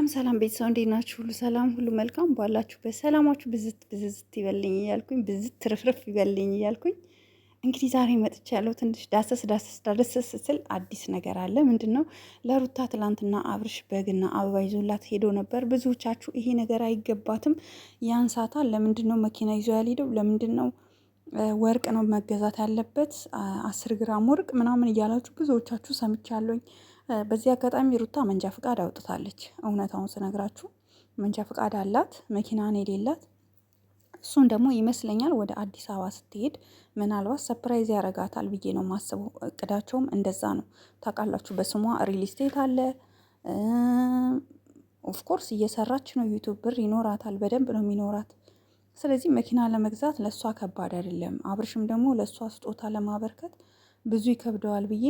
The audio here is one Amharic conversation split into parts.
ሰላም ሰላም ቤተሰብ እንዴት ናችሁ? ሁሉ ሰላም፣ ሁሉ መልካም ባላችሁ በሰላማችሁ ብዝት ብዝዝት ይበልኝ እያልኩኝ ብዝት ትርፍርፍ ይበልኝ እያልኩኝ እንግዲህ ዛሬ መጥቻ ያለው ትንሽ ዳሰስ ዳሰስ ዳሰስ ስል አዲስ ነገር አለ። ምንድን ነው? ለሩታ ትላንትና አብርሽ በግና አበባ ይዞላት ሄዶ ነበር። ብዙዎቻችሁ ይሄ ነገር አይገባትም፣ ያንሳታል፣ ለምንድን ነው መኪና ይዞ ያልሄደው? ለምንድን ነው ወርቅ ነው መገዛት ያለበት አስር ግራም ወርቅ ምናምን እያላችሁ ብዙዎቻችሁ ሰምቻለሁኝ። በዚህ አጋጣሚ ሩታ መንጃ ፍቃድ አውጥታለች። እውነታውን ስነግራችሁ መንጃ ፍቃድ አላት፣ መኪናን የሌላት እሱን ደግሞ ይመስለኛል ወደ አዲስ አበባ ስትሄድ ምናልባት ሰፕራይዝ ያረጋታል ብዬ ነው ማስበው። እቅዳቸውም እንደዛ ነው። ታውቃላችሁ፣ በስሟ ሪል ስቴት አለ። ኦፍኮርስ እየሰራች ነው። ዩቱብ ብር ይኖራታል፣ በደንብ ነው የሚኖራት። ስለዚህ መኪና ለመግዛት ለእሷ ከባድ አይደለም። አብርሽም ደግሞ ለእሷ ስጦታ ለማበርከት ብዙ ይከብደዋል ብዬ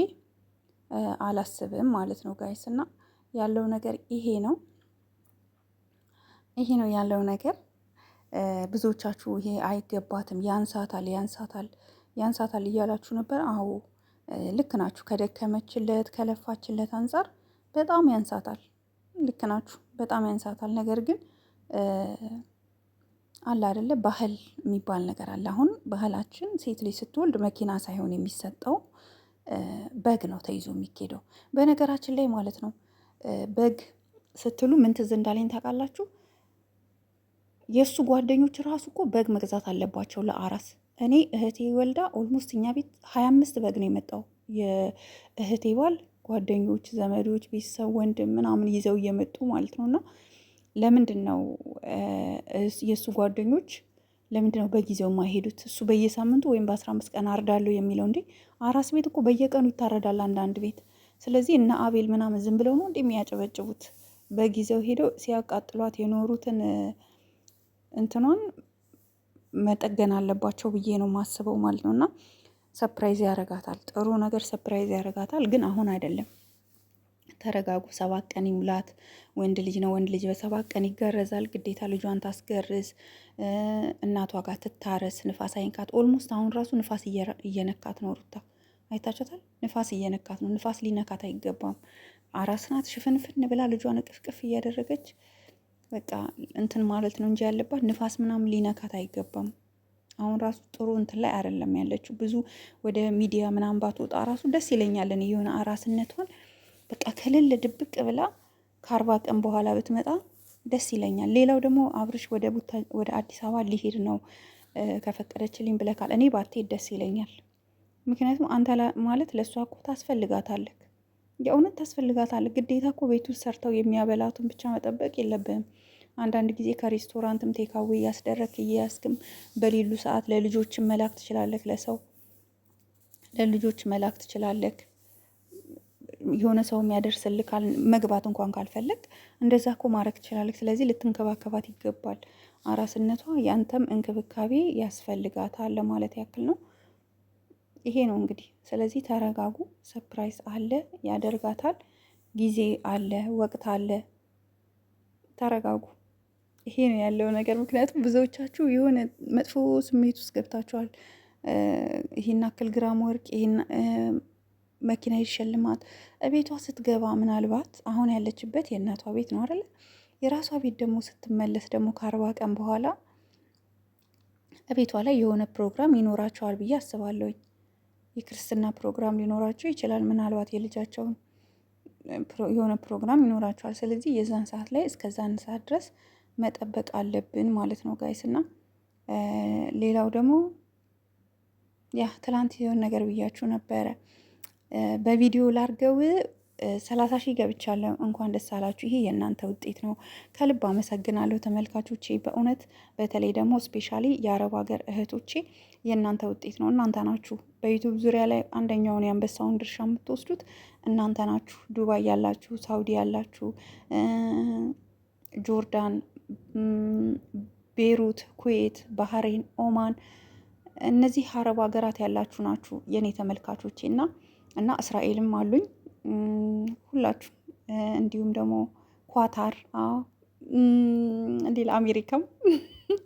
አላስብም ማለት ነው ጋይስ። እና ያለው ነገር ይሄ ነው፣ ይሄ ነው ያለው ነገር። ብዙዎቻችሁ ይሄ አይገባትም፣ ያንሳታል፣ ያንሳታል፣ ያንሳታል እያላችሁ ነበር። አዎ ልክ ናችሁ። ከደከመችለት ከለፋችለት አንጻር በጣም ያንሳታል። ልክ ናችሁ፣ በጣም ያንሳታል። ነገር ግን አለ አይደለ ባህል የሚባል ነገር አለ። አሁን ባህላችን ሴት ልጅ ስትወልድ መኪና ሳይሆን የሚሰጠው በግ ነው ተይዞ የሚኬደው። በነገራችን ላይ ማለት ነው በግ ስትሉ ምን ትዝ እንዳለኝ ታውቃላችሁ? የእሱ ጓደኞች ራሱ እኮ በግ መግዛት አለባቸው ለአራስ። እኔ እህቴ ወልዳ ኦልሞስት እኛ ቤት ሀያ አምስት በግ ነው የመጣው። የእህቴ ባል ጓደኞች፣ ዘመዶች፣ ቤተሰብ፣ ወንድም ምናምን ይዘው እየመጡ ማለት ነው እና ለምንድን ነው የእሱ ጓደኞች ለምንድን ነው በጊዜው የማይሄዱት? እሱ በየሳምንቱ ወይም በአስራ አምስት ቀን አርዳለሁ የሚለው እንዴ? አራስ ቤት እኮ በየቀኑ ይታረዳል አንዳንድ ቤት። ስለዚህ እነ አቤል ምናምን ዝም ብለው ነው እንዴ የሚያጨበጭቡት? በጊዜው ሄደው ሲያቃጥሏት የኖሩትን እንትኗን መጠገን አለባቸው ብዬ ነው ማስበው ማለት ነው። እና ሰፕራይዝ ያረጋታል፣ ጥሩ ነገር ሰፕራይዝ ያረጋታል። ግን አሁን አይደለም ተረጋጉ፣ ሰባት ቀን ይሙላት። ወንድ ልጅ ነው፣ ወንድ ልጅ በሰባት ቀን ይገረዛል። ግዴታ ልጇን ታስገርዝ፣ እናቷ ጋር ትታረስ፣ ንፋስ አይንካት። ኦልሞስት አሁን ራሱ ንፋስ እየነካት ነው። ሩታ አይታችኋታል፣ ንፋስ እየነካት ነው። ንፋስ ሊነካት አይገባም። አራስ ናት፣ ሽፍንፍን ብላ ልጇን እቅፍቅፍ እያደረገች በቃ እንትን ማለት ነው እንጂ ያለባት ንፋስ ምናምን ሊነካት አይገባም። አሁን ራሱ ጥሩ እንትን ላይ አይደለም ያለችው። ብዙ ወደ ሚዲያ ምናምን ባትወጣ ራሱ ደስ ይለኛል እኔ የሆነ አራስነቷን በቃ ክልል ድብቅ ብላ ከአርባ ቀን በኋላ ብትመጣ ደስ ይለኛል። ሌላው ደግሞ አብርሽ ወደ አዲስ አበባ ሊሄድ ነው ከፈቀደችልኝ ብለካል። እኔ ባትሄድ ደስ ይለኛል። ምክንያቱም አንተ ማለት ለእሷ እኮ ታስፈልጋታለህ፣ የእውነት ታስፈልጋታለህ። ግዴታ እኮ ቤት ሰርተው የሚያበላቱን ብቻ መጠበቅ የለብህም። አንዳንድ ጊዜ ከሬስቶራንትም ቴካዌ እያስደረግ እየያዝክም በሌሉ ሰዓት ለልጆች መላክ ትችላለህ፣ ለሰው ለልጆች መላክ ትችላለህ። የሆነ ሰው የሚያደርስልካል መግባት እንኳን ካልፈለግ እንደዛ ኮ ማድረግ ትችላለ ስለዚህ ልትንከባከባት ይገባል። አራስነቷ ያንተም እንክብካቤ ያስፈልጋታል ለማለት ያክል ነው። ይሄ ነው እንግዲህ። ስለዚህ ተረጋጉ። ሰፕራይዝ አለ፣ ያደርጋታል። ጊዜ አለ፣ ወቅት አለ። ተረጋጉ። ይሄ ነው ያለው ነገር። ምክንያቱም ብዙዎቻችሁ የሆነ መጥፎ ስሜት ውስጥ ገብታችኋል። ይሄን አክል ግራም ወርቅ መኪና ይሸልማት። ቤቷ ስትገባ ምናልባት አሁን ያለችበት የእናቷ ቤት ነው አይደለ? የራሷ ቤት ደግሞ ስትመለስ ደግሞ ከአርባ ቀን በኋላ ቤቷ ላይ የሆነ ፕሮግራም ይኖራቸዋል ብዬ አስባለሁኝ። የክርስትና ፕሮግራም ሊኖራቸው ይችላል። ምናልባት የልጃቸውን የሆነ ፕሮግራም ይኖራቸዋል። ስለዚህ የዛን ሰዓት ላይ እስከዛን ሰዓት ድረስ መጠበቅ አለብን ማለት ነው ጋይስ። እና ሌላው ደግሞ ያ ትላንት የሆነ ነገር ብያችሁ ነበረ በቪዲዮ ላርገው ሰላሳ ሺህ ገብቻለሁ። እንኳን ደስ አላችሁ። ይሄ የእናንተ ውጤት ነው። ከልብ አመሰግናለሁ ተመልካቾቼ። በእውነት በተለይ ደግሞ ስፔሻሊ የአረብ ሀገር እህቶቼ የእናንተ ውጤት ነው። እናንተ ናችሁ በዩቱብ ዙሪያ ላይ አንደኛውን የአንበሳውን ድርሻ የምትወስዱት እናንተ ናችሁ። ዱባይ ያላችሁ፣ ሳውዲ ያላችሁ፣ ጆርዳን፣ ቤሩት፣ ኩዌት፣ ባህሬን፣ ኦማን እነዚህ አረብ ሀገራት ያላችሁ ናችሁ የእኔ ተመልካቾቼ እና እና እስራኤልም አሉኝ ሁላችሁ እንዲሁም ደግሞ ኳታር ሌላ አሜሪካም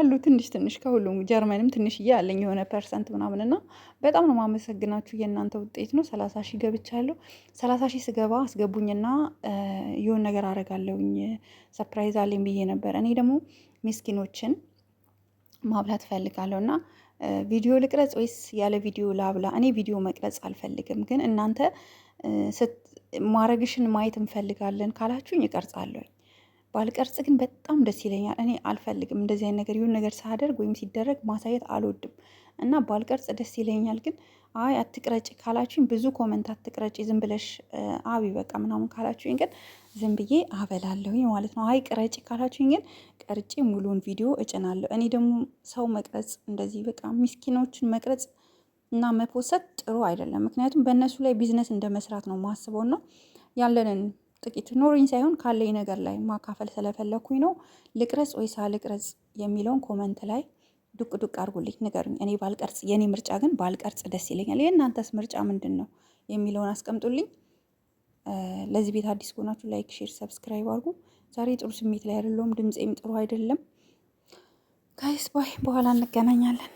አሉ ትንሽ ትንሽ ከሁሉም ጀርመንም ትንሽዬ አለኝ የሆነ ፐርሰንት ምናምን እና በጣም ነው የማመሰግናችሁ። የእናንተ ውጤት ነው። ሰላሳ ሺህ ገብቻለሁ። ሰላሳ ሺህ ስገባ አስገቡኝና የሆን ነገር አረጋለሁኝ ሰፕራይዝ አለኝ ብዬ ነበር። እኔ ደግሞ ሚስኪኖችን ማብላት እፈልጋለሁ እና ቪዲዮ ልቅረጽ ወይስ ያለ ቪዲዮ ላብላ? እኔ ቪዲዮ መቅረጽ አልፈልግም፣ ግን እናንተ ማረግሽን ማየት እንፈልጋለን ካላችሁኝ እቀርጻለሁ። ባልቀርጽ ግን በጣም ደስ ይለኛል። እኔ አልፈልግም እንደዚህ አይነት ነገር ይሁን ነገር ሳደርግ ወይም ሲደረግ ማሳየት አልወድም። እና ባልቀርጽ ደስ ይለኛል። ግን አይ አትቅረጭ ካላችሁኝ ብዙ ኮመንት አትቅረጭ ዝም ብለሽ አቢ በቃ ምናምን ካላችሁኝ ግን ዝም ብዬ አበላለሁኝ ማለት ነው። አይ ቅረጭ ካላችሁኝ ግን ቀርጬ ሙሉውን ቪዲዮ እጭናለሁ። እኔ ደግሞ ሰው መቅረጽ እንደዚህ በቃ ምስኪኖችን መቅረጽ እና መፖሰት ጥሩ አይደለም። ምክንያቱም በእነሱ ላይ ቢዝነስ እንደ መስራት ነው ማስበው ነው ያለንን ጥቂት ኖሮኝ ሳይሆን ካለኝ ነገር ላይ ማካፈል ስለፈለኩኝ ነው። ልቅረጽ ወይስ አልቅረጽ የሚለውን ኮመንት ላይ ዱቅ ዱቅ አድርጉልኝ፣ ንገሩኝ። እኔ ባልቀርጽ፣ የእኔ ምርጫ ግን ባልቀርጽ ደስ ይለኛል። የእናንተስ ምርጫ ምንድን ነው የሚለውን አስቀምጡልኝ። ለዚህ ቤት አዲስ ከሆናችሁ ላይክ፣ ሼር፣ ሰብስክራይብ አድርጉ። ዛሬ ጥሩ ስሜት ላይ አይደለሁም፣ ድምፄም ጥሩ አይደለም። ጋይስ ባይ፣ በኋላ እንገናኛለን።